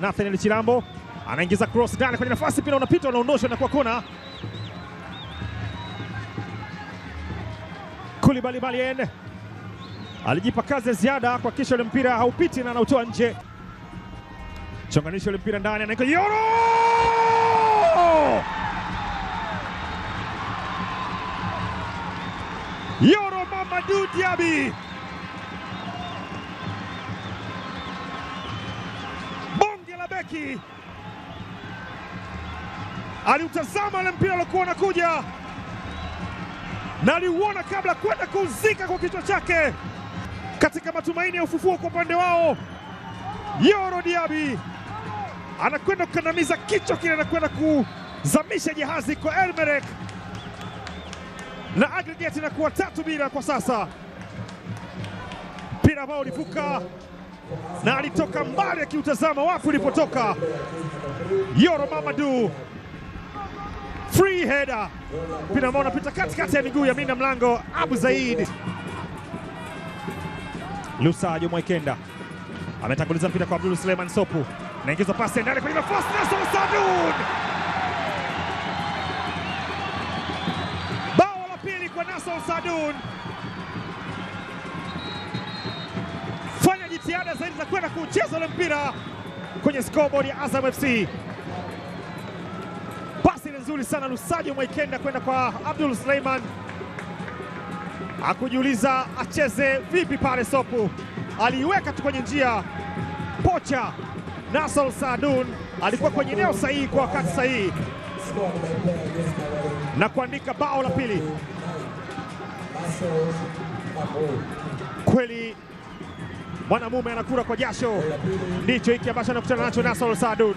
Nathaniel Chilambo anaingiza cross ndani kwenye nafasi, pia, unapita, unaondoshwa na kwa kona. Kulibali Balien alijipa kazi ya ziada kuhakikisha ule mpira haupiti na anautoa nje, chonganisha ule mpira ndani, anaika Yoro! Yoro Mamadou Diaby beki aliutazama ile mpira aliokuwa anakuja na aliuona kabla kwenda kuuzika kwa kichwa chake katika matumaini ya ufufuo kwa upande wao. Yoro Diaby anakwenda kukandamiza kichwa kile, anakwenda kuzamisha jahazi kwa Elmerek na aggregate inakuwa tatu bila kwa sasa, mpira ambao ulivuka na alitoka mbali akiutazama wapi ulipotoka. Yoro Mamadu free header, mpira ambao unapita katikati ya miguu ya mina mlango Abu zaidi Lusa Jomo Ikenda ametanguliza mpira kwa Abdul Suleiman Sopu, naingizwa pasi ndani kwenye nafasi, Nelson Sadun bao la pili kwa nasol Sadun. na kwenda kucheza ule mpira kwenye scoreboard ya Azam FC. Pasi ni nzuri sana, Lusajo Mwaikenda kwenda kwa Abdul Suleiman, akujiuliza acheze vipi pale. Sopu aliiweka tu kwenye njia, pocha Nasol Saadun alikuwa kwenye eneo sahihi kwa wakati sahihi na kuandika bao la pili. Kweli mwanamume anakura kwa jasho, ndicho hiki ambacho anakutana nacho nasol sadun